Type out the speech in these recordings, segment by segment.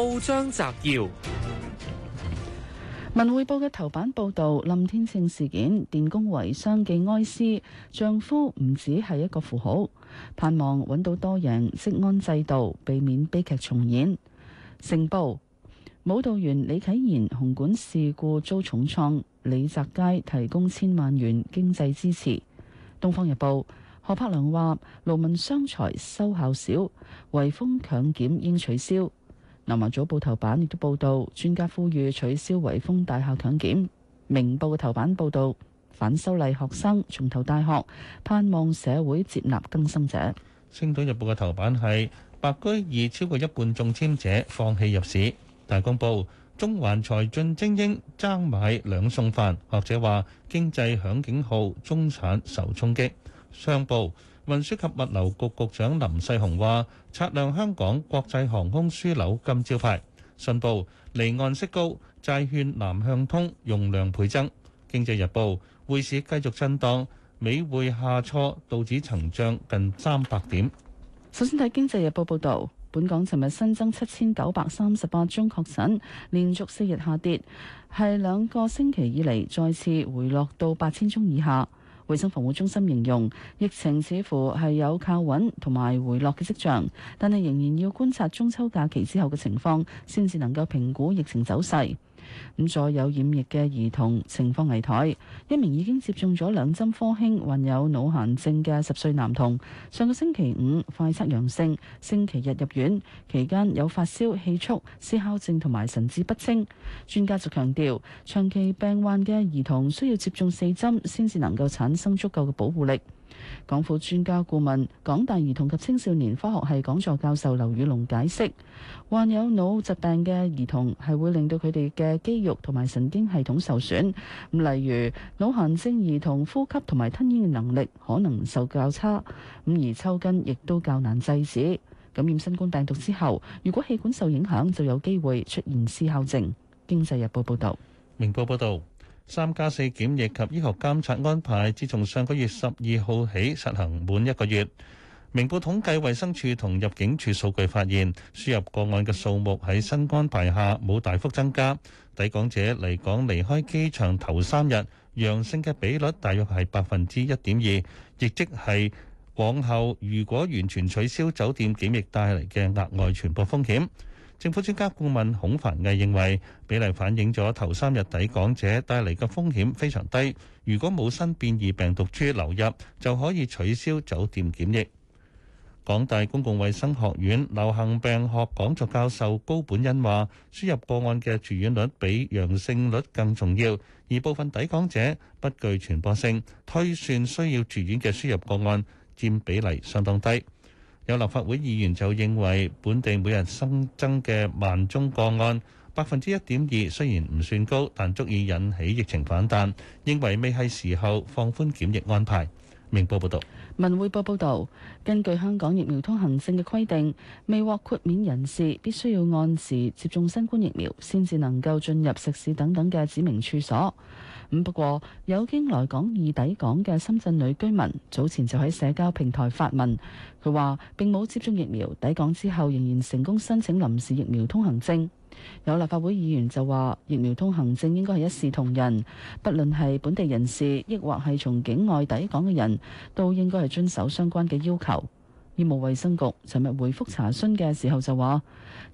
報章摘要：《文匯報》嘅頭版報道，林天勝事件，電工遺孀寄哀思，丈夫唔只係一個符號，盼望揾到多人職安制度，避免悲劇重演。《成報》舞蹈員李啟賢紅館事故遭重創，李澤楷提供千萬元經濟支持。《東方日報》何柏良話：勞民傷財，收效少，圍封強檢應取消。《南華早報》頭版亦都報道，專家呼籲取消圍封大廈強檢。《明報》嘅頭版報道，反修例學生重投大學，盼望社會接納更新者。《星島日報》嘅頭版係白居二超過一半中籤者放棄入市。《大公報》中環財進精英爭買兩餸飯，學者話經濟響警號，中產受衝擊。上報運輸及物流局局長林世雄話：擦亮香港國際航空樞紐金招牌。信報離岸息高，債券南向通用量倍增。經濟日報匯市繼續震盪，美匯下挫，道指曾漲近三百點。首先睇經濟日報報導，本港尋日新增七千九百三十八宗確診，連續四日下跌，係兩個星期以嚟再次回落到八千宗以下。衛生防護中心形容，疫情似乎係有靠穩同埋回落嘅跡象，但係仍然要觀察中秋假期之後嘅情況，先至能夠評估疫情走勢。咁再有染疫嘅兒童情況危殆，一名已經接種咗兩針科興、患有腦癇症嘅十歲男童，上個星期五快測陽性，星期日入院，期間有發燒、氣促、思考症同埋神志不清。專家就強調，長期病患嘅兒童需要接種四針，先至能夠產生足夠嘅保護力。港府專家顧問、港大兒童及青少年科學系講座教授劉宇龍解釋，患有腦疾病嘅兒童係會令到佢哋嘅肌肉同埋神經系統受損。咁例如腦癇症兒童呼吸同埋吞嚥嘅能力可能受較差，咁而抽筋亦都較難制止。感染新冠病毒之後，如果氣管受影響，就有機會出現思考症。經濟日報報道，明報報道。三加四檢疫及醫學監察安排，自從上個月十二號起實行滿一個月。明報統計衛生署同入境處數據發現輸入個案嘅數目喺新安排下冇大幅增加。抵港者嚟港離開機場頭三日，陽性嘅比率大約係百分之一點二，亦即係往後如果完全取消酒店檢疫帶嚟嘅額外傳播風險。政府專家顧問孔凡毅認為，比例反映咗頭三日抵港者帶嚟嘅風險非常低。如果冇新變異病毒株流入，就可以取消酒店檢疫。港大公共衛生學院流行病學講座教授高本恩話：輸入個案嘅住院率比陽性率更重要，而部分抵港者不具傳播性，推算需要住院嘅輸入個案佔比例相當低。有立法會議員就認為，本地每日新增嘅萬宗個案百分之一點二，雖然唔算高，但足以引起疫情反彈，認為未係時候放寬檢疫安排。明報報導，文匯報報導，根據香港疫苗通行證嘅規定，未獲豁免人士必須要按時接種新冠疫苗，先至能夠進入食肆等等嘅指明處所。咁不過，有經來港易抵港嘅深圳女居民早前就喺社交平台發文，佢話並冇接種疫苗，抵港之後仍然成功申請臨時疫苗通行證。有立法會議員就話，疫苗通行證應該係一視同仁，不論係本地人士，亦或係從境外抵港嘅人，都應該係遵守相關嘅要求。醫務衛生局尋日回覆查詢嘅時候就話，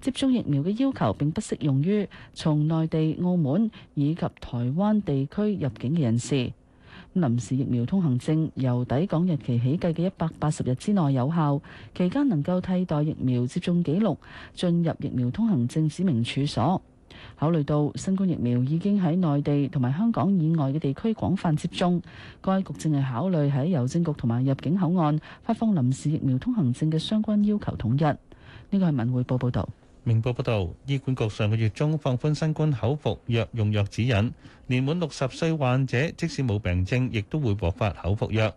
接種疫苗嘅要求並不適用於從內地、澳門以及台灣地區入境嘅人士。臨時疫苗通行證由抵港日期起計嘅一百八十日之內有效，期間能夠替代疫苗接種記錄進入疫苗通行證指明處所。考慮到新冠疫苗已經喺內地同埋香港以外嘅地區廣泛接種，該局正係考慮喺郵政局同埋入境口岸發放臨時疫苗通行證嘅相關要求統一。呢個係文匯報報導。明報報道，醫管局上個月中放寬新冠口服藥用藥指引，年滿六十歲患者即使冇病症亦都會獲發口服藥。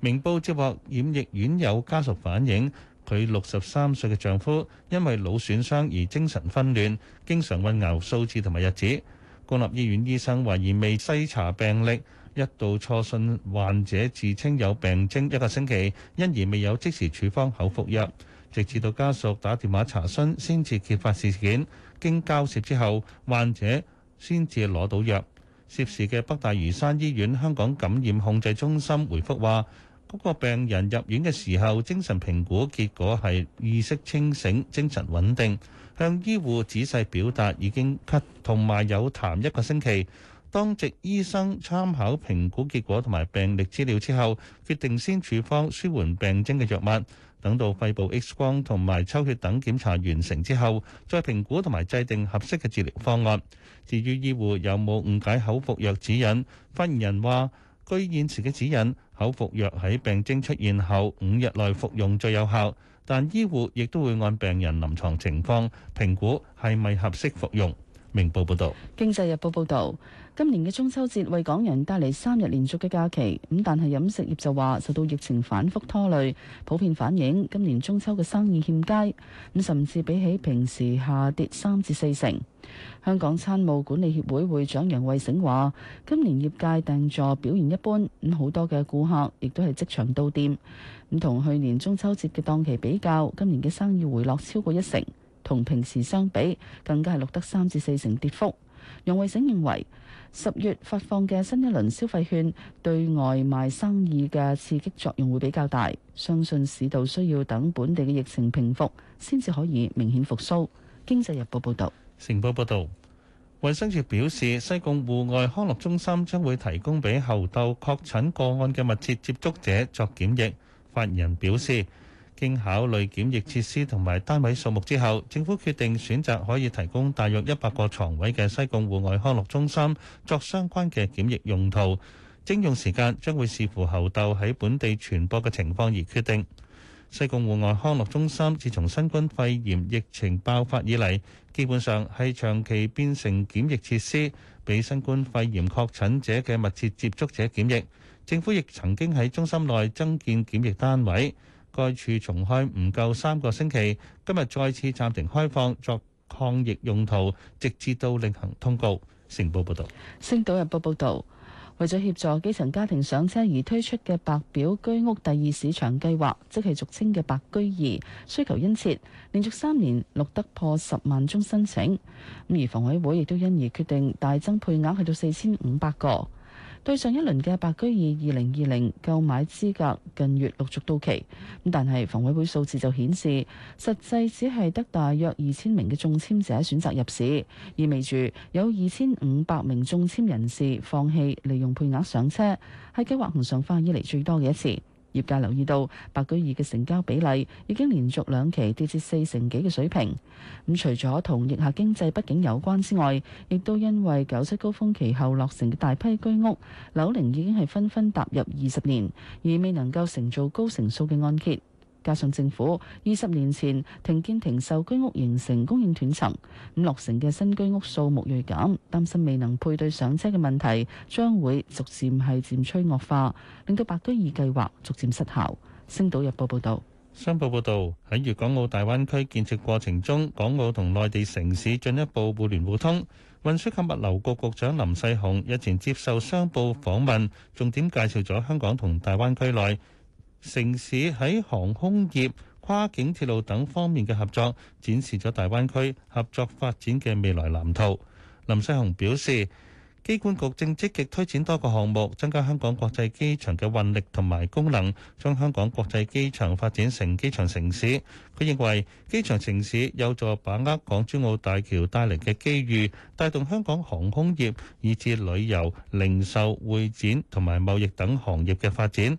明報接獲染疫院友家屬反映，佢六十三歲嘅丈夫因為腦損傷而精神昏亂，經常混淆數字同埋日子。公立醫院醫生懷疑未細查病歷，一度錯信患者自稱有病徵一個星期，因而未有即時處方口服藥。直至到家屬打電話查詢，先至揭發事件。經交涉之後，患者先至攞到藥。涉事嘅北大嶼山醫院香港感染控制中心回覆話：嗰、那個病人入院嘅時候，精神評估結果係意識清醒、精神穩定，向醫護仔細表達已經咳同埋有痰一個星期。當值醫生參考評估結果同埋病歷資料之後，決定先處方舒緩病徵嘅藥物。等到肺部 X 光同埋抽血等檢查完成之後，再評估同埋制定合適嘅治療方案。至於醫護有冇誤解口服藥指引，發言人話：據現時嘅指引，口服藥喺病徵出現後五日內服用最有效，但醫護亦都會按病人臨床情況評估係咪合適服用。明報報道：《經濟日報》報道，今年嘅中秋節為港人帶嚟三日連續嘅假期，咁但係飲食業就話受到疫情反覆拖累，普遍反映今年中秋嘅生意欠佳，咁甚至比起平時下跌三至四成。香港餐務管理協會會長楊惠醒話，今年業界訂座表現一般，咁好多嘅顧客亦都係即場到店，咁同去年中秋節嘅檔期比較，今年嘅生意回落超過一成。同平時相比，更加係錄得三至四成跌幅。楊慧醒認為，十月發放嘅新一輪消費券對外賣生意嘅刺激作用會比較大，相信市道需要等本地嘅疫情平復，先至可以明顯復甦。經濟日報報導。城報報導，衞生署表示，西貢戶外康樂中心將會提供俾後鬥確診個案嘅密切接觸者作檢疫。發言人表示。經考慮檢疫設施同埋單位數目之後，政府決定選擇可以提供大約一百個床位嘅西貢戶外康樂中心作相關嘅檢疫用途。徵用時間將會視乎猴痘喺本地傳播嘅情況而決定。西貢戶外康樂中心自從新冠肺炎疫情爆發以嚟，基本上係長期變成檢疫設施，俾新冠肺炎確診者嘅密切接觸者檢疫。政府亦曾經喺中心內增建檢疫單位。該處重開唔夠三個星期，今日再次暫停開放作抗疫用途，直至到另行通告。成報報道，星島日報報道，為咗協助基層家庭上車而推出嘅白表居屋第二市場計劃，即係俗稱嘅白居二，需求殷切，連續三年錄得破十萬宗申請。咁而房委會亦都因而決定大增配額，去到四千五百個。對上一輪嘅白居易二零二零購買資格近月陸續到期，咁但係房委會數字就顯示，實際只係得大約二千名嘅中簽者選擇入市，意味住有二千五百名中簽人士放棄利用配額上車，係計劃唔上翻以嚟最多嘅一次。業界留意到，白居二嘅成交比例已經連續兩期跌至四成幾嘅水平。咁除咗同疫下經濟不景有關之外，亦都因為九七高峰期後落成嘅大批居屋，樓齡已經係紛紛踏入二十年，而未能夠承造高成數嘅按揭。加上政府二十年前停建停售居屋，形成供應斷層，咁落成嘅新居屋數目鋭減，擔心未能配對上車嘅問題將會逐漸係漸趨惡化，令到白居二計劃逐漸失效。星島日報報導，商報報導喺粵港澳大灣區建設過程中，港澳同內地城市進一步互聯互通。運輸及物流局局長林世雄日前接受商報訪問，重點介紹咗香港同大灣區內城市喺航空業、跨境鐵路等方面嘅合作，展示咗大灣區合作發展嘅未來藍圖。林世雄表示，機管局正積極推展多個項目，增加香港國際機場嘅運力同埋功能，將香港國際機場發展成機場城市。佢認為機場城市有助把握港珠澳大橋帶嚟嘅機遇，帶動香港航空業以至旅遊零售、會展同埋貿易等行業嘅發展。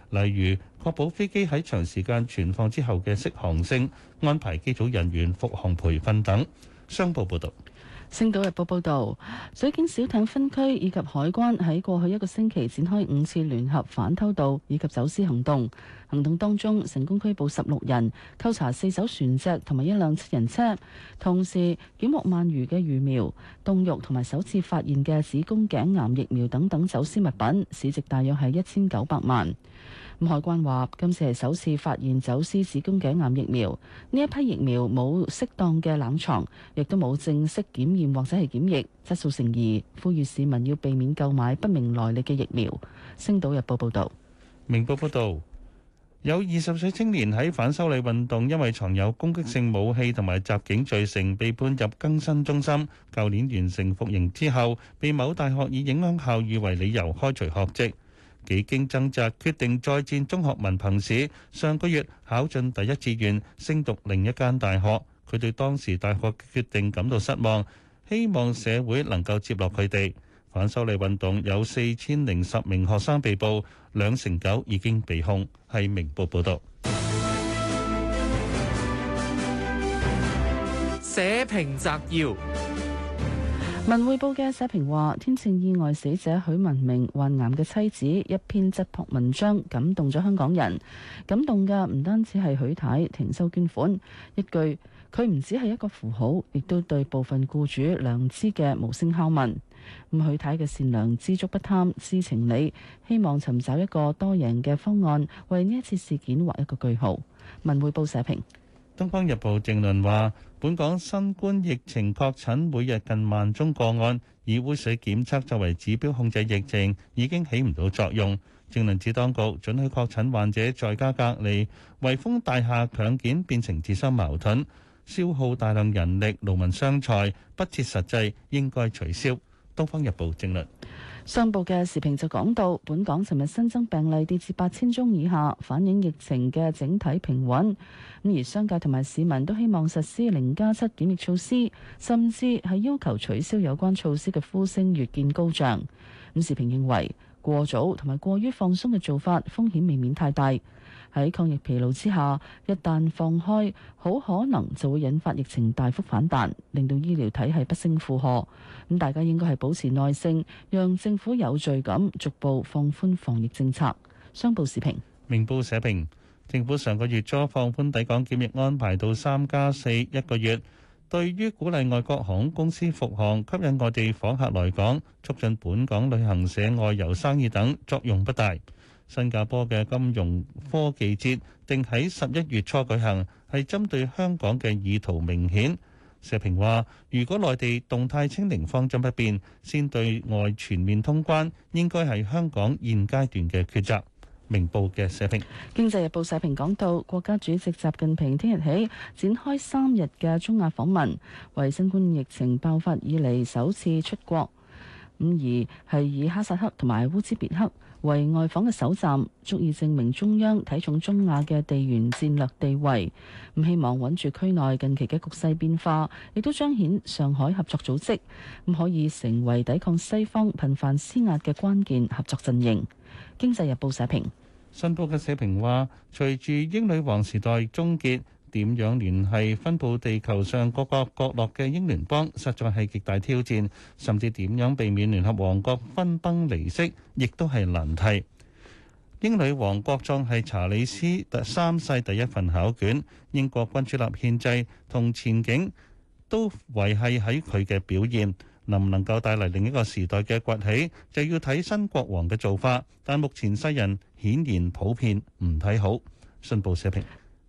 例如確保飛機喺長時間存放之後嘅適航性，安排機組人員復航培訓等。商報報導，《星島日報》報導，水警小艇分區以及海關喺過去一個星期展開五次聯合反偷渡以及走私行動。行動當中成功拘捕十六人，扣查四艘船隻同埋一輛七人車，同時檢獲鰻魚嘅魚苗、凍肉同埋首次發現嘅子宮頸癌疫苗等等走私物品，市值大約係一千九百萬。海關話今次係首次發現走私子宮頸癌疫苗，呢一批疫苗冇適當嘅冷藏，亦都冇正式檢驗或者係檢疫，質素成疑。呼籲市民要避免購買不明來歷嘅疫苗。星島日報報道。明報報道，有二十歲青年喺反修例運動因為藏有攻擊性武器同埋襲警罪成，被判入更生中心。舊年完成服刑之後，被某大學以影響校譽為理由開除學籍。幾經掙扎，決定再戰中學文憑試。上個月考進第一志願，升讀另一間大學。佢對當時大學決定感到失望，希望社會能夠接納佢哋。反修例運動有四千零十名學生被捕，兩成九已經被控。係明報報道。社評摘要。文匯報嘅社評話：天性意外，死者許文明患癌嘅妻子一篇質樸文章感動咗香港人。感動嘅唔單止係許太停收捐款，一句佢唔只係一個符號，亦都對部分雇主良知嘅無聲敲問。咁許太嘅善良、知足不貪、知情理，希望尋找一個多贏嘅方案，為呢一次事件畫一個句號。文匯報社評。《東方日報》政論話：本港新冠疫情確診每日近萬宗個案，以污水檢測作為指標控制疫情已經起唔到作用。政論指當局准許確診患者在家隔離，圍封大廈強檢變成自相矛盾，消耗大量人力勞民傷財，不切實際，應該取消。《東方日報》政論。商報嘅時評就講到，本港尋日新增病例跌至八千宗以下，反映疫情嘅整體平穩。咁而商界同埋市民都希望實施零加七檢疫措施，甚至係要求取消有關措施嘅呼聲越見高漲。咁時評認為，過早同埋過於放鬆嘅做法，風險未免太大。喺抗疫疲勞之下，一旦放開，好可能就會引發疫情大幅反彈，令到醫療體系不勝負荷。咁大家應該係保持耐性，讓政府有序咁逐步放寬防疫政策。商報時評、明報社評，政府上個月初放寬抵港檢疫安排到三加四一個月，對於鼓勵外國航空公司復航、吸引外地訪客來港、促進本港旅行社外遊生意等作用不大。新加坡嘅金融科技節定喺十一月初舉行，係針對香港嘅意圖明顯。社評話：如果內地動態清零方針不變，先對外全面通關，應該係香港現階段嘅抉擇。明報嘅社評，《經濟日報》社評講到，國家主席習近平聽日起展開三日嘅中亞訪問，為新冠疫情爆發以嚟首次出國。咁而係以哈薩克同埋烏茲別克。為外訪嘅首站，足以證明中央睇重中亞嘅地緣戰略地位。咁希望穩住區內近期嘅局勢變化，亦都彰顯上海合作組織咁可以成為抵抗西方頻繁施壓嘅關鍵合作陣營。經濟日報社評。信報嘅社評話，隨住英女王時代終結，點樣聯繫分佈地球上各個角落嘅英聯邦，實在係極大挑戰，甚至點樣避免聯合王國分崩離析，亦都係難題。英女王國葬係查理斯第三世第一份考卷，英國君主立憲制同前景都維繫喺佢嘅表現，能唔能夠帶嚟另一個時代嘅崛起，就要睇新國王嘅做法。但目前世人顯然普遍唔睇好。信報社評。